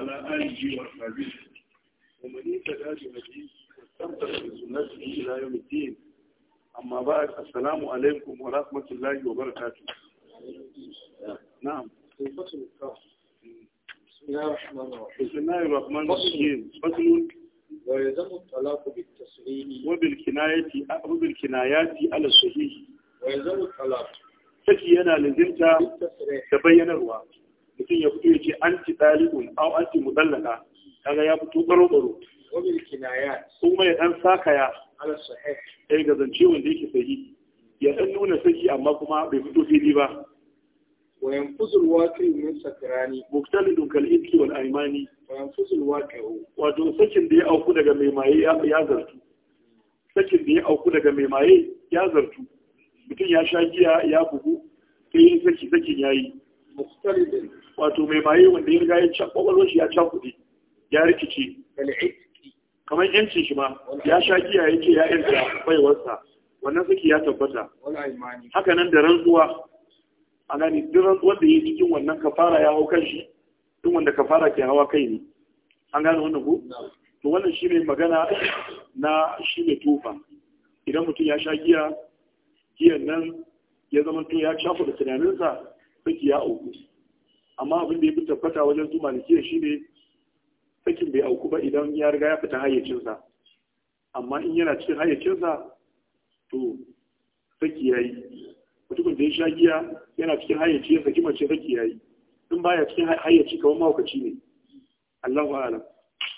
وعلى آله وأصحابه ومن اهتدى بهديه واستمسك بسنته إلى يوم الدين أما بعد السلام عليكم ورحمة الله وبركاته نعم بسم الله الرحمن الرحيم بسم الله الرحمن الرحيم فصل ويلزم الطلاق بالتسليم وبالكناية وبالكنايات على الصحيح ويلزم الطلاق تكي أنا لزمت الواقع mutum ya fito ya ce anti dalibun au anti mudallaka kaga ya fito baro baro wabil kinaya kuma ya dan sakaya ala sahih eh ga zance wanda yake sahihi ya ɗan nuna sahihi amma kuma bai fito fili ba wa yanfuzu alwaqi min sakrani muktalidun kal ibki wal aymani wa yanfuzu alwaqi wato sakin da ya auku daga mai maye ya zartu sakin da ya auku daga mai maye ya zartu mutum ya sha giya ya bugu sai yin saki sakin yayi mukhtalifin wato mai maye wanda ya riga ya can kwakwalwar shi ya can kuɗi ya rikici kamar yancin shi ma ya sha giya ya ce ya yanta baiwarsa wannan saki ya tabbata haka nan da rantsuwa a gani duk rantsuwar da ya cikin wannan kafara ya hau kan shi duk wanda kafara ke hawa kai ne an gane wannan ku to wannan shi ne magana na shi ne tufa idan mutum ya sha giya giyan nan ya zama to ya shafa da tunaninsa saki ya auku amma abin da ya fi tabbata wajen zuma su malikiya shine sakin bai auku ba idan ya riga ya fita hayyacinsa amma in yana cikin hayyacinsa to saki ya yi mutumin da ya sha giya yana cikin hayyaci ya saki mace saki ya yi in baya cikin hayyaci kamar mahaukaci ne Allahu a'lam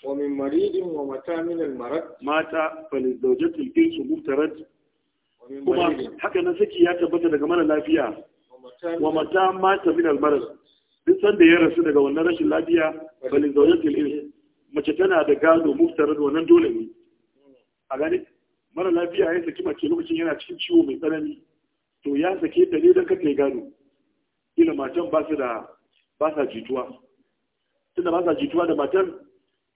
wa min maridin wa mata min al marad mata fal zawjatul insu muftarad kuma haka nan saki ya tabbata daga mara lafiya wa mata mata min al duk sanda ya rasu daga wannan rashin lafiya balin zaujatul irs mace tana da gado muftarar wannan dole ne a gani, mara lafiya ya saki mace lokacin yana cikin ciwo mai tsanani to ya sake ta ne don kake gado ila matan ba su da ba sa jituwa tunda ba sa jituwa da matan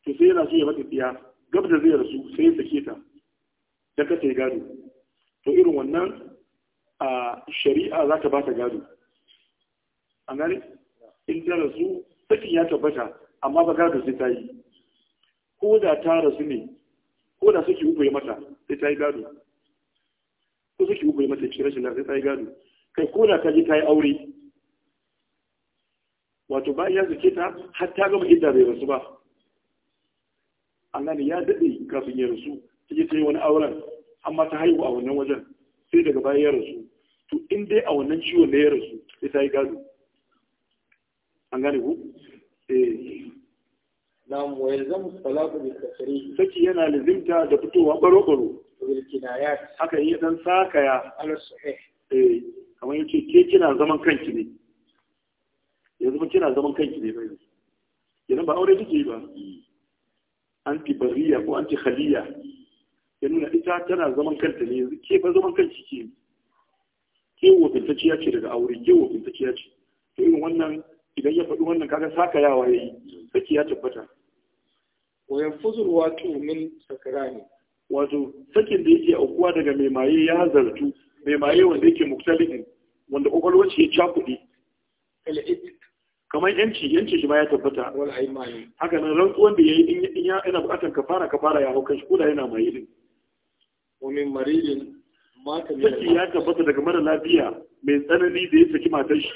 to sai yana so ya mata tsiya gab da zai rasu sai ya sake ta don kake gado to irin wannan a shari'a za ta ba ta gado A gane in ta rasu sakin ya tabbata amma ba gado sai ta yi ko da ta rasu ne ko da suke uku mata sai ta yi gado ko suke uku mata cire rashin sai ta yi gado kai ko da ta ji ta yi aure wato ba ya zuke ta har ta gama idda bai rasu ba an ya daɗe kafin ya rasu ta ta yi wani auren amma ta haihu a wannan wajen sai daga baya ya rasu in dai a wannan ciwon da ya rasu sai ta yi gado an gane ku eh. saki yana lizimta da fitowa ɓaro-ɓaro. haka yi dan sakaya al ya eh kamar ke kina zaman kanki ne yanzu ba kina zaman kanki ne bai yanzu ba aure kike ba anti bariya ko anti khaliya ya nuna ita tana zaman kanta ne yanzu ke ba zaman kanki ke ke wakiltacciya ce daga aure ke wakiltacciya ce to irin wannan idan ya faɗi wannan kaga saka yawa ya yi saki ya tabbata wayan fuzur wato min ne. wato sakin da yake aukuwa daga mai maye ya zartu mai maye wanda yake muktalihin wanda kwakwalwar ce ya cakuɗe kamar yanci yanci shi ma ya tabbata haka nan rantsuwan da ya yi in yana buƙatar fara-ka fara ya hau kai shi ko da yana maye din ومن maridin. saki ya tabbata daga mara lafiya mai tsanani da ya saki matar shi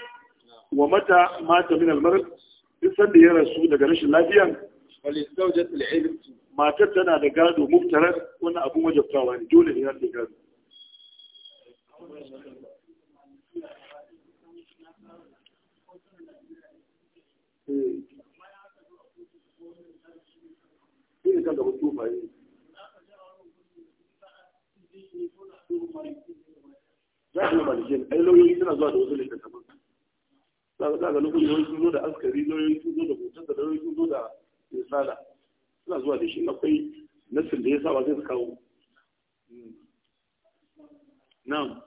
wa mata mata min almar duk sanda ya rasu daga rashin lafiyan matar tana da gado muftarar wannan abun wajabtawa ne dole ne ya da gado eh. Ina kan da wasu bayi za a yi malikin ai lauyoyi suna zuwa da wasu littattafan za ga lokacin lauyoyi sun zo da askari lauyoyi sun zo da hoton da lauyoyi sun zo da risala suna zuwa da shi akwai nassin da ya sa ba sai kawo na'am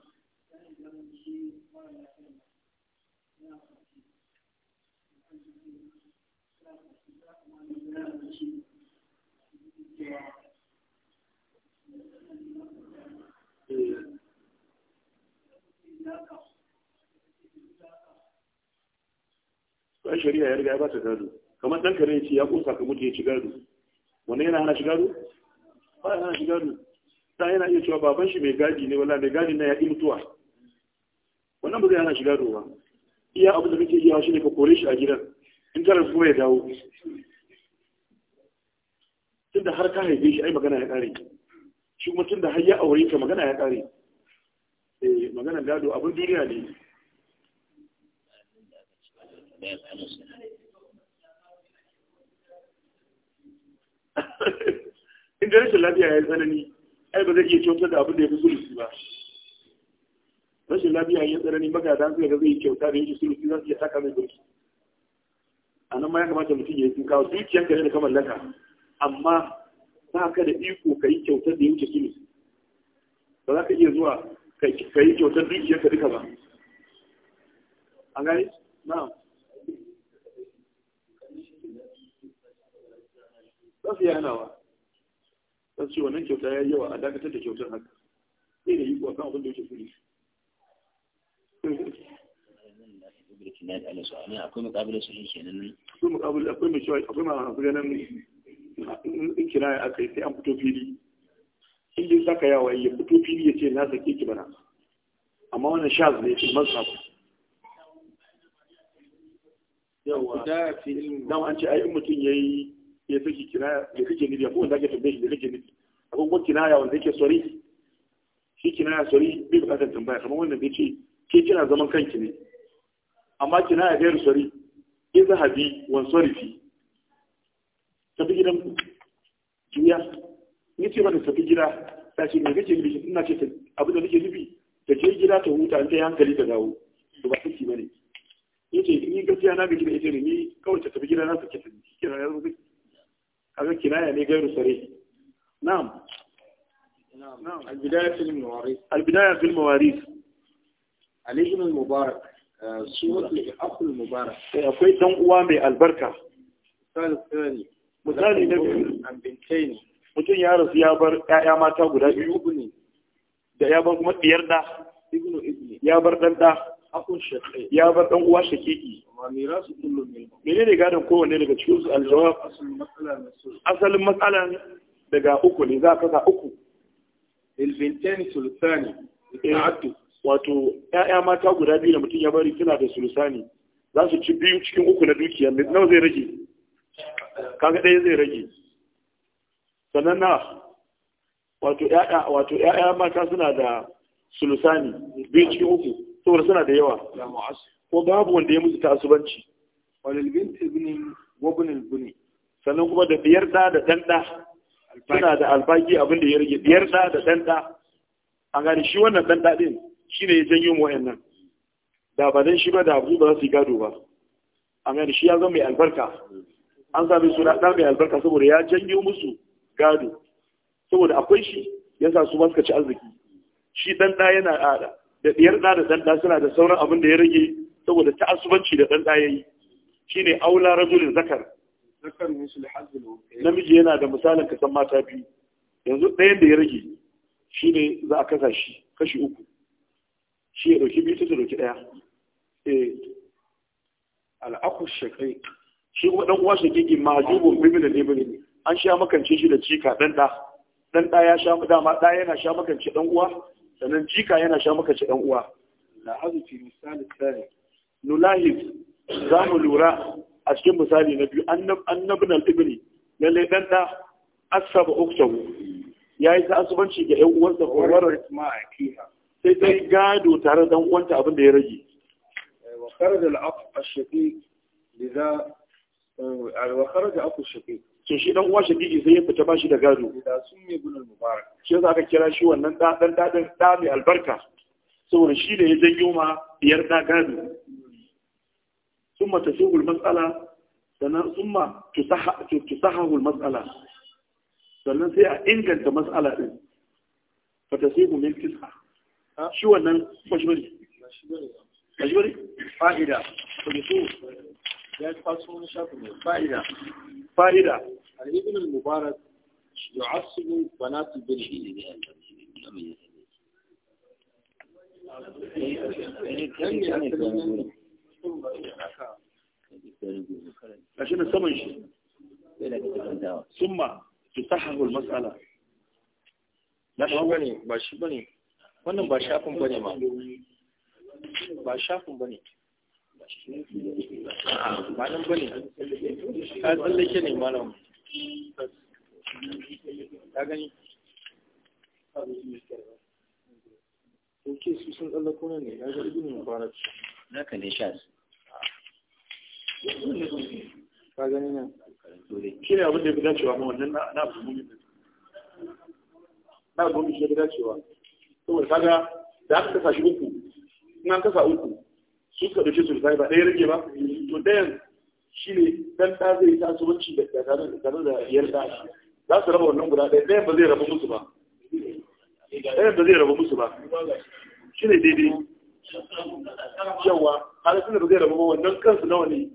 Thank ai shari'a ya riga ya ba ta gado kamar dan kare ce ya kusa ka mutu ya ci gado wannan yana hana shi gado ba yana hana shi gado dan yana iya cewa baban shi mai gadi ne wallahi mai gadi na ya yi mutuwa wannan ba zai hana shi gado ba iya abu da kake iya shi ne ka kore shi a gidan in tara kuma ya dawo tunda har ka haife shi ai magana ya kare shi kuma tunda har ya aure ka magana ya kare eh magana gado abin duniya ne in da rashin lafiya ya yi tsanani ai ba zai iya kyauta da abin da ya fi sulusi ba rashin lafiya ya yi tsanani magada suka ga zai kyauta da yake sulusi za su iya taka mai burki a nan ma ya kamata mutum ya yi sun kawo dukiyan ka da kamar laka, amma ba ka da iko ka yi kyauta da yake sulusi ba za ka iya zuwa ka yi kyautar dukiyar ka duka ba an gani na'am za su yi za su ce wannan kyauta ya yi yawa a dakatar da kyautar haka sai da yi kuwa kan abin da yake kuri akwai mukabilar su yin kenan akwai mukabilar akwai mai cewa akwai ma hafi ganin in kira ya aka yi sai an fito fili in dai saka yawa ya fito fili ya ce na sake ki bana amma wannan shaz ne fi mazhab yawa da an ce ai in mutum yi. ya fi kinaya ya kake nufi akwai wanda ake tambaye shi da kake nufi akwai kuma kinaya wanda yake sori shi kinaya sori bai bukatar tambaya kamar wannan bai ce ke kina zaman kanki ne amma kinaya gairu sori izhabi wan sorifi tafi gidan juya ni ce mata tafi gida ta ce me kake nufi ina ce abu da nake nufi ta je gida ta huta in ta yi hankali ta dawo to ba take bane yace ni gaskiya na ga gida ita ne ni kawai ta tafi gida na take ta kira ya zo take kaga kinaya ne gairu sare na'am na'am albidaya fil mawaris albidaya fil mawaris alijin mubarak uh, suratul akhul mubarak eh, akwai dan uwa mai albarka misali na biyu mutum ya rasu ya bar ƴaƴa mata guda biyu ya bar kuma ya bar dan da ya bar dan uwa shakiki menene gadon kowanne daga cikin su aljawab asalin matsalan daga uku ne za a kasa uku ilbintani sultani eh, wato ya'ya mata guda biyu da mutum ya bari suna da sulsani za su ci biyu cikin uku na dukiya nawa zai rage kaga ɗaya zai rage sannan na wato ya'ya mata suna da sulusani biyu cikin uku saboda suna da yawa ko babu wanda ya mutu ta'assubanci walil bint ibn wabn buni sannan kuma da biyar da da danda? suna da alfaki abin da ya rage biyar da da danda? an gani shi wannan danda din shi ne ya janyo mu wayannan da ba dan shi ba da abu ba za su yi gado ba an gani shi ya zama mai albarka an sami suna ɗan mai albarka saboda ya janyo musu gado saboda akwai shi yasa su ma suka ci arziki shi danda yana ada da ɗiyar ɗa da ɗan ɗa suna da sauran abin da ya rage saboda ta'asubanci da ɗan ɗa ya yi ne aula rajulin zakar zakar namiji yana da misalin kasan mata biyu yanzu ɗayan da ya rage ne za a kasa shi kashi uku shi ya ɗauki biyu ta ɗauki ɗaya E, eh. al'aku shakai shi kuma ɗan uwa shakiki majubun bibin da an sha makance shi da cika ɗan ɗa ɗan ɗa ya sha dama ɗa yana sha makance ɗan uwa sannan jika yana sha maka ci ɗan uwa lahazu fi misali tsari nulahif za mu lura a cikin misali na biyu annabin al'ibini lalle ɗan ɗa asaba uktahu ya yi ta asubanci ga ‘yan uwansa ƙwararra sai ta yi gado tare da uwanta abin da ya rage وخرج الأخ الشقيق لذا وخرج أخو الشقيق so shi dan uwa shakiki sai ya fita ba shi da gado da sun mai gunan mubarak shi yasa aka kira shi wannan dan dadin da mai albarka saboda shi da ya janyo ma biyar da gado summa tasihul mas'ala sannan sun ma tusahahul mas'ala sannan sai a inganta matsala din fa tasihu min tis'a shi wannan mashmari mashmari fa'ida to ya faso wani shafi fa'ida fa'ida الابن المبارك يعصب بنات بنيه عشان ثم تصحح المسألة باش بني باش بني وانا باش اكون بني ما باش اكون بني باش بني مالهم بني هذا اللي كني مالهم ta gani ka gani nan shi ne abin da ya fi dacewa ma wannan na abu na shi ya fi dacewa saboda kaga da aka kasa shi uku in an kasa uku su suka su ba ɗaya rage ba to ɗayan shi ne dan ta zai yi kasuwanci da tare da iyar ɗa shi za su raba wannan guda ɗaya ba zai raba musu ba ɗaya ba zai raba musu ba shi ne daidai yawa har suna ba zai raba ba wannan kansu nawa ne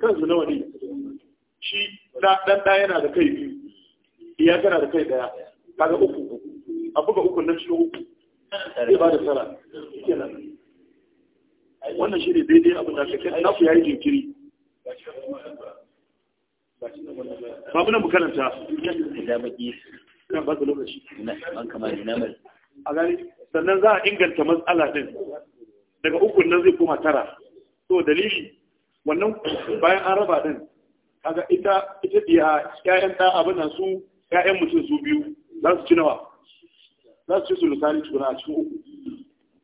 kansu nawa ne shi dan ɗa yana da kai biyu iya tana da kai ɗaya kaga uku a buga uku nan shi uku zai ba da tara wannan shi ne daidai abin da kake naku ya yi jinkiri babu nan makaranta da baki kan ba lokaci an kama namar a gani sannan za a inganta matsala din daga ukun nan zai koma tara to dalili wannan bayan an raba din kaga ita ita diya ƴaƴan ta abin nan su ƴaƴan mutum su biyu za su ci nawa za su ci su lusani tukuna a cikin uku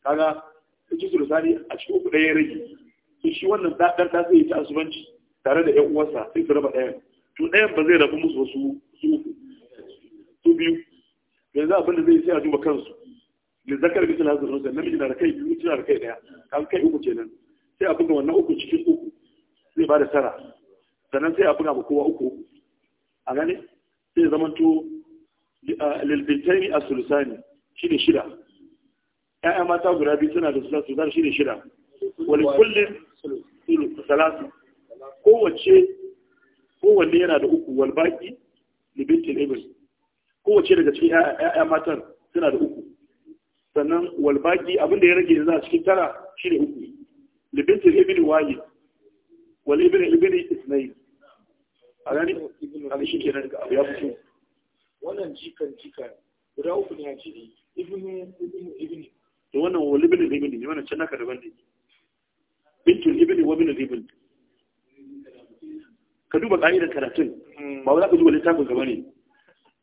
kaga su ci su lusani a cikin uku ɗaya rage to shi wannan ɗaɗɗar ta zai yi ta asubanci tare da ƴan uwansa sai su raba ɗayan to ɗayan ba zai rabu musu wasu su biyu yanzu abin da zai sai a duba kansu da zakar bisa na zuwa namiji na da kai biyu tana da kai ɗaya an kai uku kenan sai a buga wannan uku cikin uku zai bada tara sannan sai a buga ba kowa uku a gane sai zama to lilbintani a sulusani shi ne shida ‘ya'ya mata guda biyu suna da su za su shida wani kullum salatu. kowace kowanne yana da uku wal baki ibn kowace daga cikin 'ya'ya matan suna da uku sannan wal baki abin da ya rage yanzu a cikin tara shi ne uku libintin ibn wali wal ibn ibn isnai a gani a shi kenan abu ya fito wannan jikan jikan guda uku ne a ciki ibn ibn ibn to wannan wal ibn ibn ne wannan can naka daban ne bintul ibn wa ibn ibn ka duba ƙa'idar karatun ba za ka duba littafin gaba ne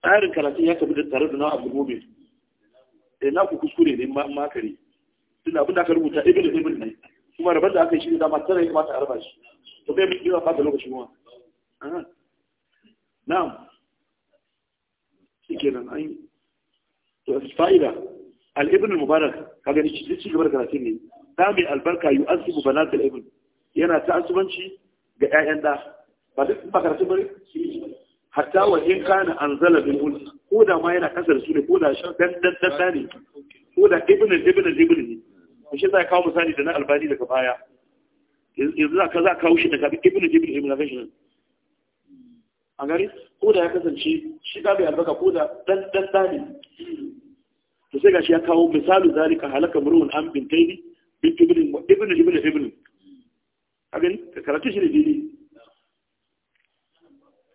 tsarin karatun ya tafi da tare da na abu gobe da na ku kuskure ne makare tun abin da aka rubuta ibil ibil ne kuma rabar da aka yi shi da dama tana ya kamata a raba shi to bai bi ba fata lokaci kuma na'am shi kenan an to fa'ida al-ibn al-mubarak kaga ni shi ci gaba da karatun ne da mai albarka yu'azzibu banatul ibn yana ta'assubanci ga 'ya'yan da ba duk ba karatu bane hatta wa in kana anzala bil ul ko da ma yana kasar su ne ko da shan dan dan dan ne ko da ibn ibn ibn ne shi zai kawo misali da na albani daga baya yanzu za ka za kawo shi daga ibn ibn ibn na shi a gari ko da ya kasance shi ka bai albaka ko da dan dan dan ne to sai gashi ya kawo misalu zalika halaka murun an bintaini bin ibn ibn ibn ibn a gani ka karatu shi ne dai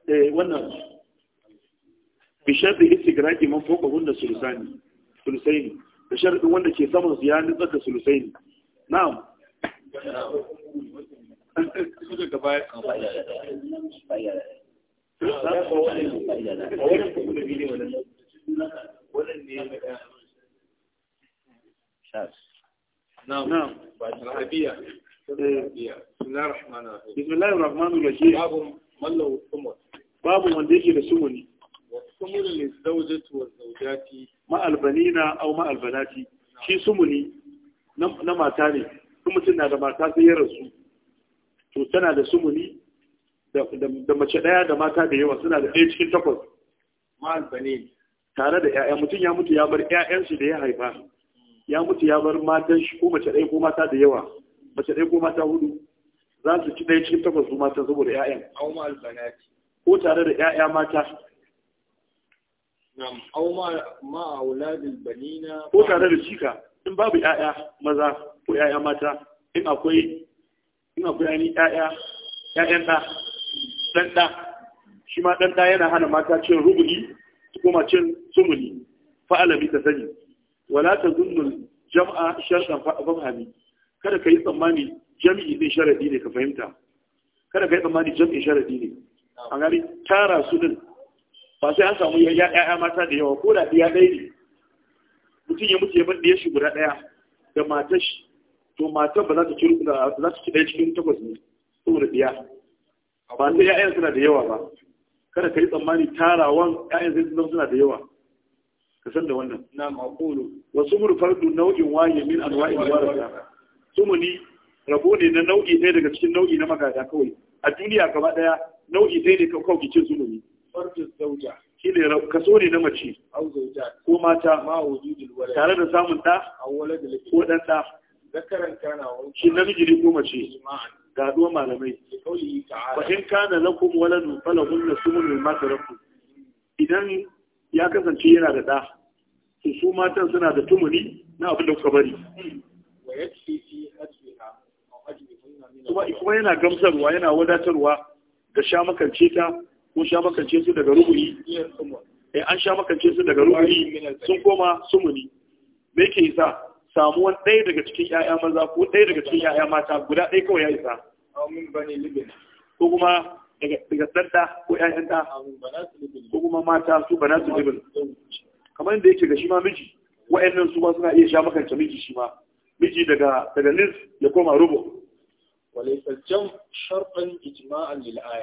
Eh, wannan bishar da istigraki man fokon wanda sulusani sulusaini da ɗin wanda ke saman su ya nutsar da sulusaini na'am بسم الله الرحمن الرحيم باب من له الثمر babu wanda yake da sumuni sumuni ne zaujatu wa zaujati ma'albanina au ma'albanati shi sumuni na mata ne Su mutum na da mata sai ya rasu to tana da sumuni da mace daya da mata da yawa suna da ɗaya cikin takwas ma'albani tare da ƴaƴa mutum ya mutu ya bar ƴaƴan da ya haifa ya mutu ya bar matan shi ko mace ɗaya ko mata da yawa mace ɗaya ko mata hudu za su ci ɗaya cikin takwas su mata saboda ƴaƴan au ma'albanati ko tare da 'ya'ya mata ko tare da cika in babu 'ya'ya maza ko 'ya'ya mata in akwai in akwai ani 'ya'ya 'ya'yan ɗa, ɗan ɗa, shi ma ɗan ɗa yana hana mata cin rubuni kuma cin sumuni fa'ala bi ta sani wala ta jama'a jam'a shartan fahmi kada ka yi tsammani jami'i din sharaɗi ne ka fahimta kada ka yi tsammani jam'i sharaɗi ne an tara su din ba sai an samu ya'ya mata da yawa ko da ɗaya ɗaya ne mutum ya mutu ya bar shi guda ɗaya da matar shi to matar ba za ta ci za ta ci ɗaya cikin takwas ne saboda biya. ba sai ya'yan suna da yawa ba kada ka yi tsammani tarawan ya'yan sai zama suna da yawa ka san da wannan na maqulu wa sumur fardu nau'in waye min anwa'il warasa sumuni rabo ne na nau'i ɗaya daga cikin nau'i na magada kawai a duniya gaba ɗaya nau'i dai ne kan kawai cin zulumi farkin zauja shi ne kaso ne na mace ko mata tare da samun ɗa ko ɗan ɗa shi namiji ne ko mace ga malamai Ba in kana lakum waladu falahun na sumun min mata rafu idan ya kasance yana da ɗa to su matan suna da tumuri na abin da kuka bari kuma yana gamsarwa yana wadatarwa da sha makance ta ko sha makance su daga rubu'i eh an sha makance su daga rubu'i sun koma sumuni me yake isa samuwan ɗaya daga cikin 'ya'ya maza ko ɗaya daga cikin 'ya'ya mata guda ɗaya kawai ya isa ko kuma daga ɗanɗa ko ‘ya'yan ta ko kuma mata su bana su libin kamar da yake ga shi ma miji wa'annan su ma suna iya sha makance miji shi ma miji daga daga nis ya koma rubu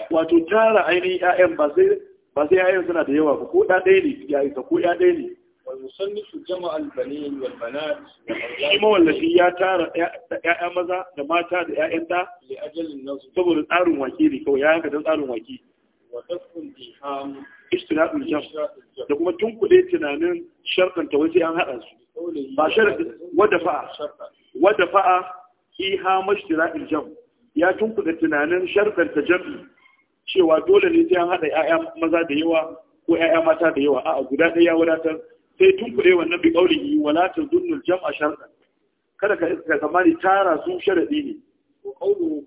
wato tara ainihin ya'yan ba sai ya'yan suna da yawa ba ko ɗaɗai ne yayi ta ko ɗaɗai ne shi mawallafi ya tara ya'yan maza da mata da ya'yan ta saboda tsarin wake ne kawai ya yanka don tsarin wake da kuma tunkule tunanin sharkanta wasu yan haɗa su ba sharkanta wadda fa'a wadda fa'a ki ha mashi tira'in jam ya tunkuɗa tunanin sharɗar jam'i cewa dole ne sai an haɗa 'ya'ya maza da yawa ko 'ya'ya mata da yawa a'a guda ɗaya ya wadatar sai tunkuɗe wannan bi yi wala ta zunnul jam'a sharɗan kada ka kama tsammani tara su sharaɗi ne ko ƙaulu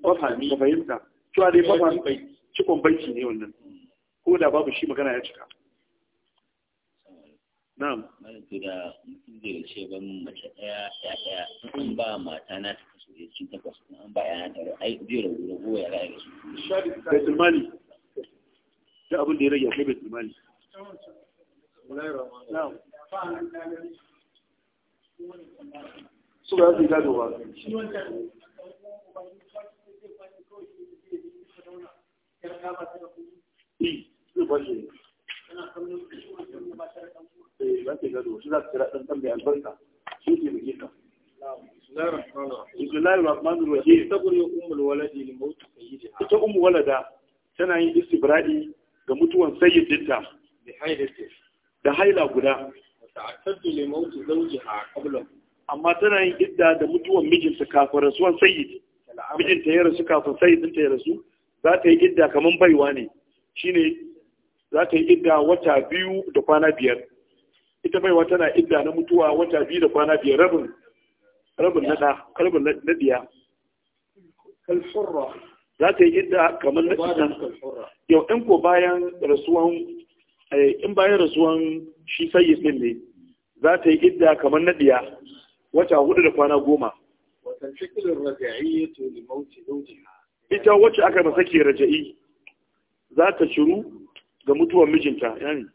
ka fahimta cewa dai fafami cikon banki ne wannan ko da babu shi magana ya cika na'am mana to da mutum zai wuce ban mace ɗaya ya in ba mata na ta kaso da cikin takwas kuma an ba yana tare ai zai rabu rabu ya su mali da abin da ya rage akwai baitul mali na'am su su gado ba eh ban shi tana yin istibra'i ga mutuwan sayyidinta bi da haila guda ta'attadu amma tana yin idda da mutuwan mijinta kafin rasuwan sayyidi mijinta ya rasu kafin sayyidinta ya rasu za ta yi idda kamar baiwa ne shine za ta yi idda wata biyu da kwana biyar ita baiwa tana idda na mutuwa wata biyu da kwana biyar rabin rabin na da kalbin na diya za ta yi idda kamar na idda yau in ko bayan rasuwan eh, in bayan rasuwan shi sayi din ne za ta yi idda kamar na biya wata hudu da kwana goma ita wacce aka masa ke raja'i za ta shiru ga mutuwar mijinta yani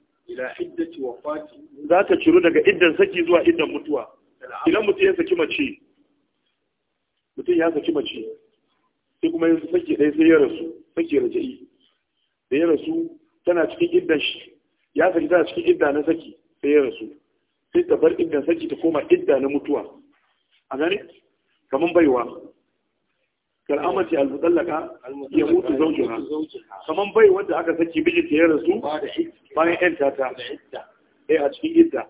za ta ciro daga iddan saki zuwa iddan mutuwa idan mutum ya saki mace mutum ya saki mace sai kuma yin saki ɗaya sai ya rasu saki raja'i da ya rasu tana cikin iddan shi ya saki tana cikin idda na saki sai ya rasu sai ta bar iddan saki ta koma idda na mutuwa a gane kamar baiwa kal'amati al-mutallaka ya mutu zaujuha kaman bai wanda aka saki mijinta ya rasu bayan yan tata eh a cikin idda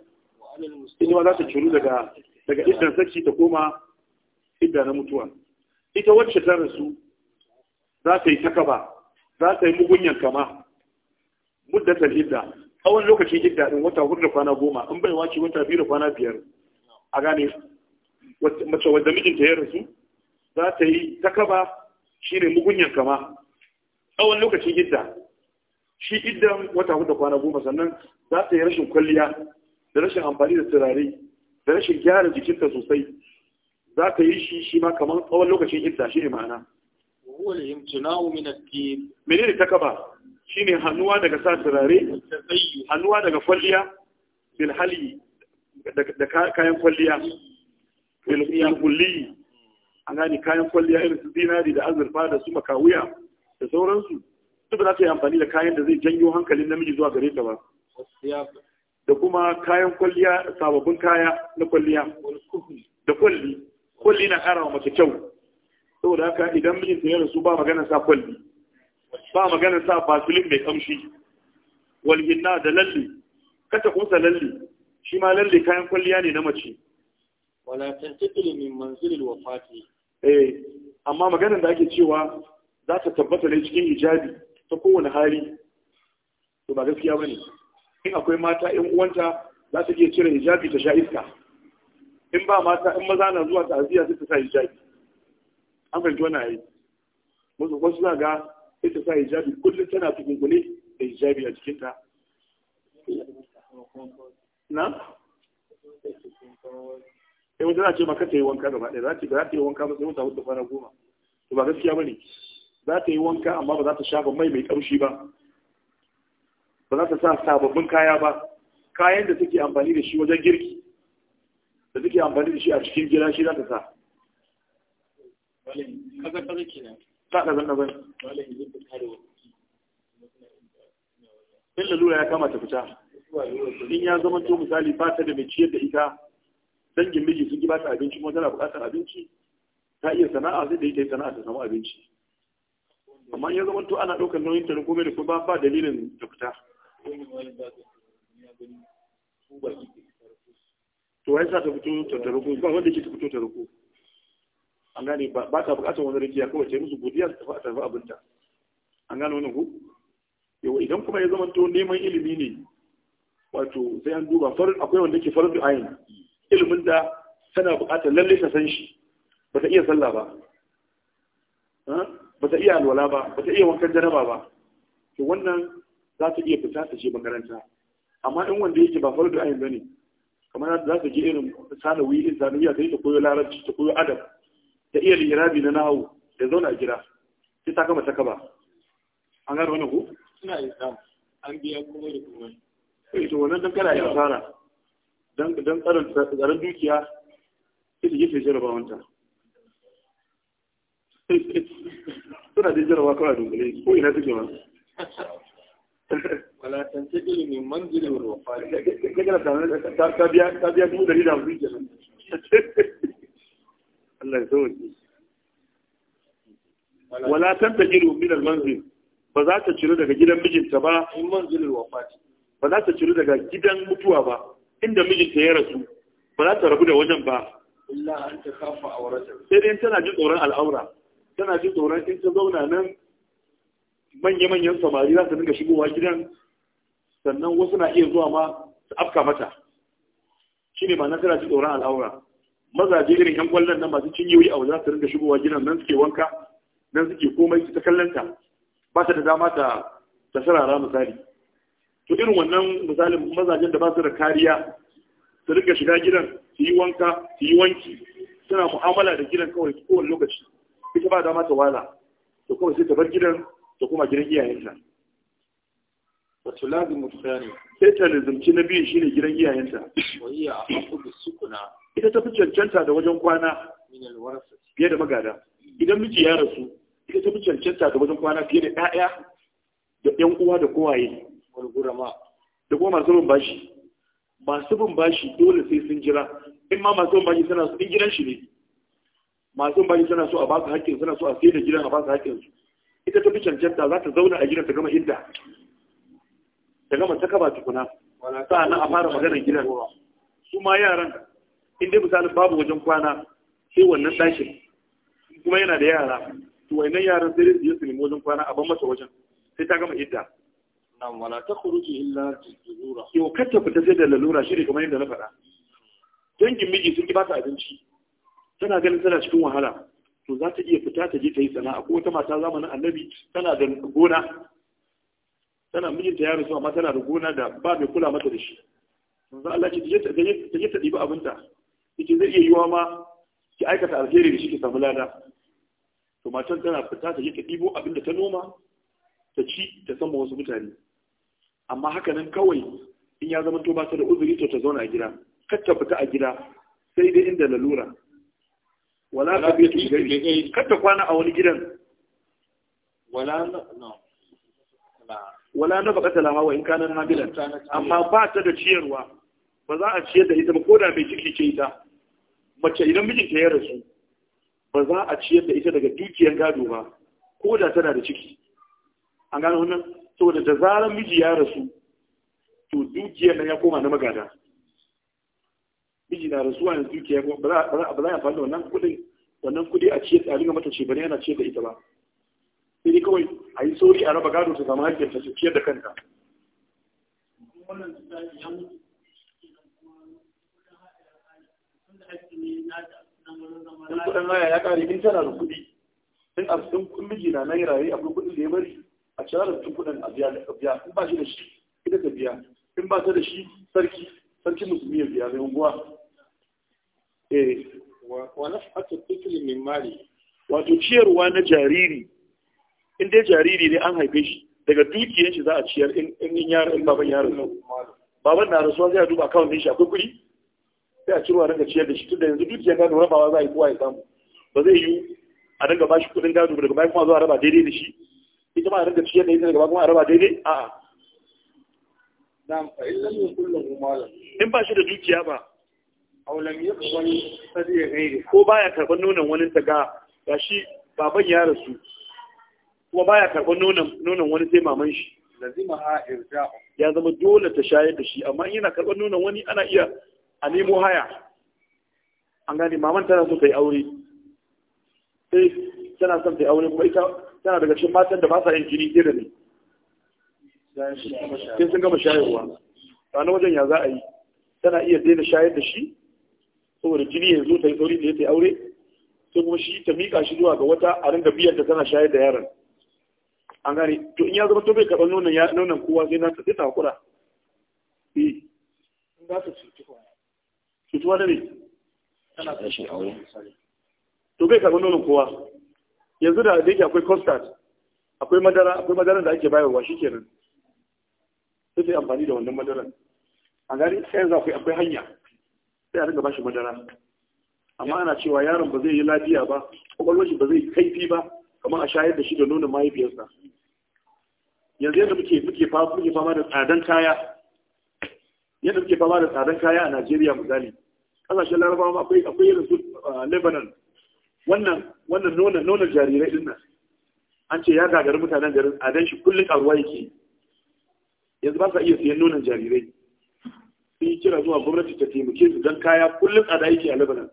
ita za ta ciru daga daga iddan saki ta koma idda na mutuwa ita wacce ta rasu za ta yi takaba za ta yi mugunyan kama muddatar idda wani lokacin idda din wata hudu da kwana goma in bai wace wata biyu da kwana biyar a gane mace wadda mijinta ya rasu za ta yi ta kaba shi ne mugunyan kama tsawon lokacin idda shi iddan wata hudu kwana goma sannan za ta yi rashin kwalliya da rashin amfani da turare da rashin gyara jikinta sosai za ta yi shi shi ma kamar tsawon lokacin idda shi ne ma'ana mene ne ta kaba shi ne hannuwa daga sa turare hannuwa daga kwalliya bilhali da kayan kwalliya bilhali an gane kayan kwalliya irin su zinari da azurfa da su makawuya da sauransu su ba za ta yi amfani da kayan da zai janyo hankalin namiji zuwa gare ta ba da kuma kayan kwalliya sababbin kaya na kwalliya da kwalli kwalli na ƙara wa mace kyau saboda haka idan ta ya rasu ba magana sa kwalli ba magana sa basilin mai kamshi walhinna da lalle kata kusa lalle shi ma lalle kayan kwalliya ne na mace wala tantakil min manzilil wafati Eh, amma maganar da ake cewa za ta tabbata ne cikin hijabi ta kowane hali to ba gaskiya ba ne. in akwai mata in uwanta za ta iya cire hijabi ta sha iska in ba mata in maza na zuwa aziya sai ta sa hijabi an fahimci wani ayi wasu wasu za ga sai ta sa hijabi kullum tana tukunkune da hijabi a jikinta na sai wata za ce maka ta yi wanka gaba ɗaya za ba za ta yi wanka ba sai wata hudu kwana goma to ba gaskiya bane za ta yi wanka amma ba za ta shafa mai mai ƙarshi ba ba za ta sa sababbin kaya ba kayan da suke amfani da shi wajen girki da suke amfani da shi a cikin gida shi za ta sa ta ɗazan ya kama ta fita in ya zama to misali ba ta da mai ciyar da ita dangin miji sun ki ba ta abinci kuma tana buƙatar abinci ta iya sana'a sai da ita sana'a ta samu abinci amma ya zama to ana ɗaukar nauyin ta komai da kuma ba dalilin ta fita to wai sa ta fito ta ruku? ba wanda ke ta fito ta ruku. an gane ba ta buƙatar wani rikiya kawai ta musu godiya ta tafi a tafi abinta an gane wani ku yau idan kuma ya zama to neman ilimi ne wato sai an duba akwai wanda ke farin ayin ilimin da tana buƙatar lalle ta san shi ba ta iya sallah ba ba ta iya alwala ba ba ta iya wankan jaraba ba to wannan za ta iya fita ta ce makaranta amma in wanda yake ba farko ayin bane kamar za ta je irin sanawi in sanawi ta yi ta koyo larabci ta koyo adam ta iya lirabi na nahu da zauna a gida sai ta gama ta kaba an gano wani ku? suna sam an biya kuma da kuma. ita eh, wannan dan kana yi asara don tsaron dukiya sai ta gefe wanta. suna da jarawa kawai dungule ko ina suke ma wala tance ilimin manzilin rufa ta biya ta biya dubu dari da hamsin kenan Allah ya sauke wala tanta ilu min almanzil ba za ta ciro daga gidan mijinta ba in manzilin wafati ba za ta ciro daga gidan mutuwa ba inda mijinta ya rasu ba za ta rabu da wajen ba kafa sai dai tana jin tsoron al'aura tana jin tsoron in ta zauna nan manya-manyan samari za su dinga shigowa gidan sannan wasu na iya zuwa ma su afka mata shi ne ba na tana jin tsoron al'aura mazaje irin yan kwallon nan masu cinyoyi a za su dinga shigowa gidan nan suke wanka nan suke komai su ta kallon ta ba ta da dama ta sarara misali to irin wannan misalin mazajen da ba su da kariya su rika shiga gidan su yi wanka su yi wanki suna mu'amala da gidan kawai kowane lokaci ita ba dama ta wala to kawai sai ta bar gidan ta kuma gidan iyayenta wato lazim mutane sai ta lazimci na biyu shine gidan iyayenta wayya a da ita ta fi cancanta da wajen kwana fiye da magada idan miji ya rasu ita ta fi cancanta da wajen kwana fiye da 'ya'ya da 'yan uwa da kowaye da kuma masu bin bashi masu bin bashi dole sai sun jira in ma masu bin bashi suna su in gidan shi ne masu bin bashi suna so a basu haƙƙin suna so a sai da gidan a basu haƙƙin su ita ta fi cancanta za ta zauna a gidan ta gama idda ta gama ta kaba tukuna na a fara maganar gidan su ma yaran in dai misalin babu wajen kwana sai wannan ɗakin kuma yana da yara to wayannan yaran sai su yi su nemi wajen kwana a ban masa wajen sai ta gama idda an wala ta kuruji illa zuhura yau kacce fita sai da lalura shi ne kamar yadda na faɗa dangin miji sun ki ba abinci tana ganin tana cikin wahala to za ta iya fita ta je ta yi sana'a ko wata mata zamanin annabi tana da gona tana mijinta ya rasu amma tana da gona da ba mai kula mata da shi yanzu Allah ce ta je ta ɗibi abinta yake zai iya yiwa ma ki aikata alheri da shi ki samu lada to matan tana fita ta je ta ɗibo abin da ta noma ta ci ta sama wasu mutane amma haka nan kawai in ya zama to ba ta da uzuri to ta zauna a gida kar ta fita a gida sai dai inda lalura wala ka bi gari kwana a wani gidan wala no wala na baka talaha wa in kana hamilan amma ba ta da ciyarwa ba za a ciyar da ita ba koda mai ciki ce ita mace idan mijinta ya rasu ba za a ciyar da ita daga dukiyar gado ba koda tana da ciki an gano wannan saboda da zarar miji ya rasu to dukiyar nan ya koma na magada miji na rasuwa yanzu dukiya ba za a faru da wannan kudi wannan kuɗi a ciye tsari ga mata bane yana ciyar da ita ba sai kawai a yi sauri a raba gado ta zama hajjar ta ciyar da kanta kuɗin haya ya ƙare in tana da kuɗi sun a cikin miji na nan raye akwai kuɗin da ya bari a cira da kuɗin a biya biya in ba shi da shi ita ta biya in ba ta da shi sarki sarki musulmi ya biya mai unguwa eh wa nafatu tifli min mali wato ciyarwa na jariri in dai jariri ne an haife shi daga dukiyar shi za a ciyar in in yaro in baban yaro ne baban na rasuwa zai duba akawun din shi akwai kuɗi sai a cirewa daga ciyar da shi tunda yanzu dukiyar gado rabawa za a yi kowa ya samu ba zai yi a daga bashi kuɗin gado daga bayan kuma zuwa raba daidai da shi ita ba a rinka ciyar da ita daga kuma a raba daidai a'a na'am in ba shi da dukiya ba aw lam yaqbal sadiya ghairi ko baya karban nonon wani ta ga shi baban ya rasu kuma baya karban nonon nonon wani sai maman shi ya zama dole ta shayar da shi amma in yana karɓar nonon wani ana iya a nemo haya an gane maman tana so ta yi aure tana son ta aure kuma ita tana daga cikin matan da ba sa yin jini ɗaya da ni sai sun gama shayarwa ba na wajen ya za a yi tana iya daina shayar da shi saboda jini ya zo ta yi sauri da ya ta yi aure sai kuma shi ta miƙa shi zuwa ga wata a ringa biyan ta tana shayar da yaron an gane to in ya zama to bai karɓar nonon ya nonon kowa sai na sai ta hakura eh in za ta cutuwa cutuwa da ne to bai karɓar nonon kowa yanzu da da yake akwai constant akwai madara akwai madara da ake bayarwa shikenan sai sai amfani da wannan madaran a gari sai yanzu akwai akwai hanya sai a riga bashi madara amma ana cewa yaron ba zai yi lafiya ba kwakwalwar shi ba zai kaifi ba kamar a shayar da shi da nonon mahaifiyarsa yanzu yadda muke muke fama da tsadan kaya yadda muke fama da tsadan kaya a Najeriya misali kasashen larabawa akwai akwai irin su ah, Lebanon wannan wannan nonon nonon jarirai din nan an ce ya gagari mutanen garin a dan shi kullun karuwa yake yanzu ba sa iya siyan nonon jarirai sun yi kira zuwa gwamnati ta taimake su don kaya kullum tsada yake a Lebanon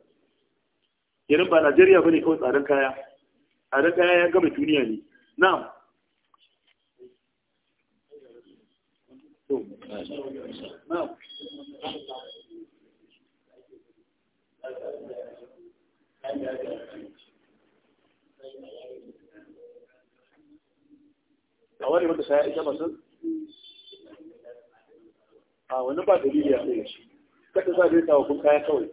irin ba Najeriya ba ne kawai tsadan kaya tsadan kaya ya gama duniya ne na'am na'am a wani mata saya ita masu a wani ba dalili a tsaye shi kada za a rika wa kun kaya kawai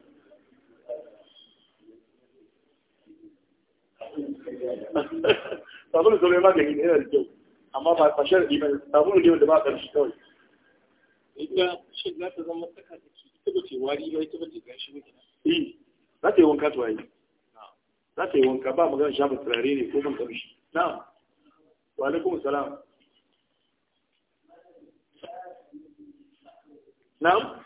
sabon da zama magani ne yana da kyau amma ba a sharaɗi ba sabon da da ba a ƙarshe kawai ita shi za ta zama tsaka da ke ita ba ce wari ba ita ba ce gashi ba eh, za ta yi wanka tuwayi za ta yi wanka ba magana shafa turare ne ko man kamshi na'am wa alaikum salam na'am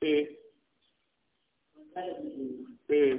eh eh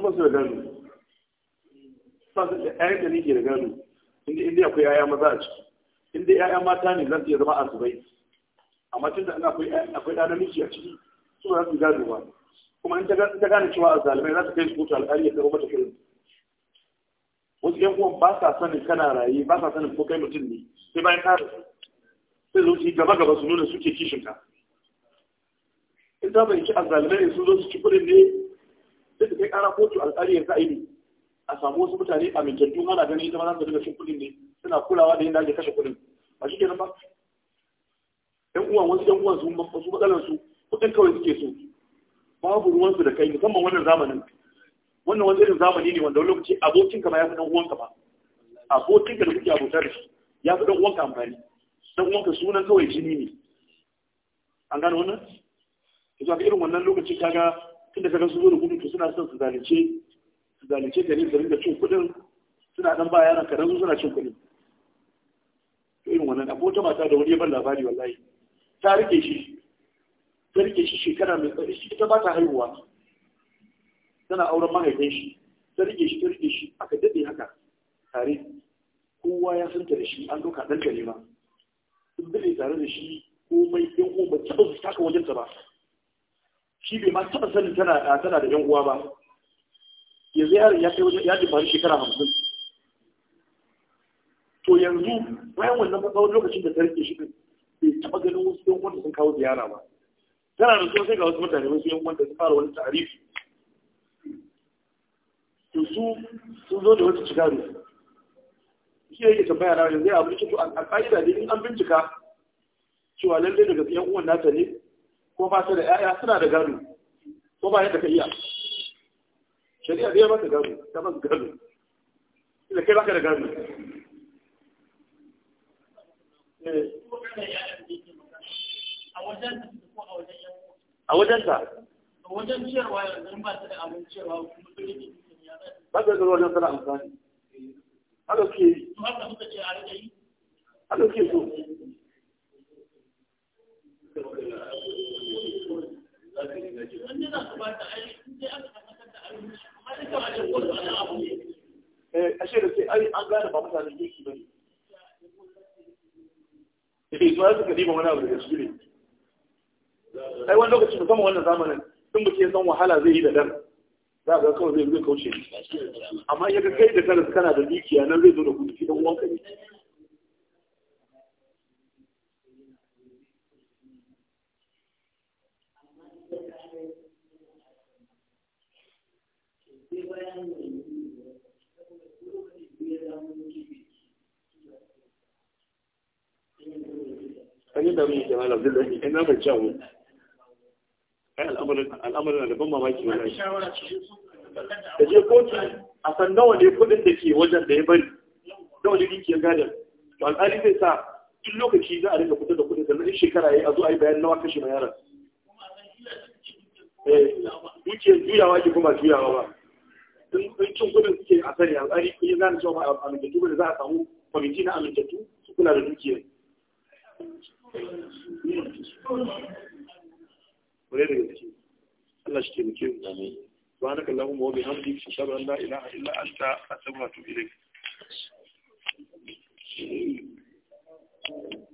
su ba su da gado ba su da ƴaƴan da ne ke da gado inda inda akwai yaya maza a ciki inda yaya mata ne zan iya zama a zubai amma tun da akwai akwai ɗan namiji a ciki su ba su gado ba kuma in ta gane cewa a zalimai za ta kai su kotu alƙali ya karo mata kirin wasu yan kuma ba sa sanin kana raye ba sa sanin ko kai mutum ne sai bayan ka rasu sai zo su gaba gaba su nuna suke kishinka in ta bai bayyana a zalimai sun zo su ci kuɗin ne sai da kai ƙara kotu alƙali ya ka'ili a samu wasu mutane mintattu mana ganin ita ma za su dinga cin kuɗin ne suna kulawa da yadda ake kashe kuɗin ba shi kenan ba Ɗan uwan wasu ɗan uwan sun wasu matsalar su kuɗin kawai suke so babu ruwan su da kai musamman wannan zamanin wannan wani irin zamani ne wanda wani lokaci abokin ka ma ya fi ɗan uwanka ba abokin da kuke abota da shi ya fi dan uwanka amfani Ɗan uwanka sunan kawai jini ne an gano wannan yanzu a irin wannan lokaci kaga tun da sun zo da gudu suna son su zalunce su zalunce da ne da rinka cin kuɗin suna dan baya yaran karen suna cin kuɗin to irin wannan abu ta mata da wani ban labari wallahi ta rike shi ta rike shi shekara mai tsari shi ta ba ta haihuwa tana auren mahaifin shi ta rike shi ta rike shi aka daɗe haka tare kowa ya santa da shi an ɗauka ɗan ne ma sun daɗe tare da shi komai ɗin ko ba taɓa su taka wajen ta ba shi bai ma taɓa sanin tana da yan uwa ba yanzu ya ya kai wajen yajin bari shekara hamsin to yanzu bayan wannan tsawon lokacin da ta shi bai taɓa ganin wasu yan wanda sun kawo ziyara ba tana da sosai ga wasu mutane wasu yan wanda sun fara wani tarihi to su sun zo da wata cigaro shi yake tambaya na yanzu ya abin to a ƙa'ida ne in an bincika cewa lallai daga yan uwan nata ne ko ba su da ƴaƴa suna da gado ko ba yadda ka iya shari'a ba maka gado ta ba su gado da kai baka da gado eh. a wajen ta a wajen ciyarwa yanzu ba su da abin ciyarwa kuma su ne ba su da wajen sana amfani haka suke yi haka suke so Eh, ashe da sai ai an gane ne eh, ya wani abu da ne wani lokaci musamman wannan zamanin in mutum ya san wahala zai yi da dan za ga kawai zai kauce amma ya ga kai da karas kana da dukiya nan zai zo da kuɗi don wanka ne kanin da mai ai da ban mamaki je kotu a san nawa ne da ke wajen da ya bari nawa ne dukiyar gadon to al'ali zai sa in lokaci za a rinka kudu da kudin da in shekara ya a zo a yi bayan nawa kashe mai yaran eh, dukiyar juyawa ke kuma juyawa ba in cin kudin suke a sani yanzu an yi zana cewa ba amintattu ba za a samu kwamiti na amintattu su kula da dukiyar وليه ده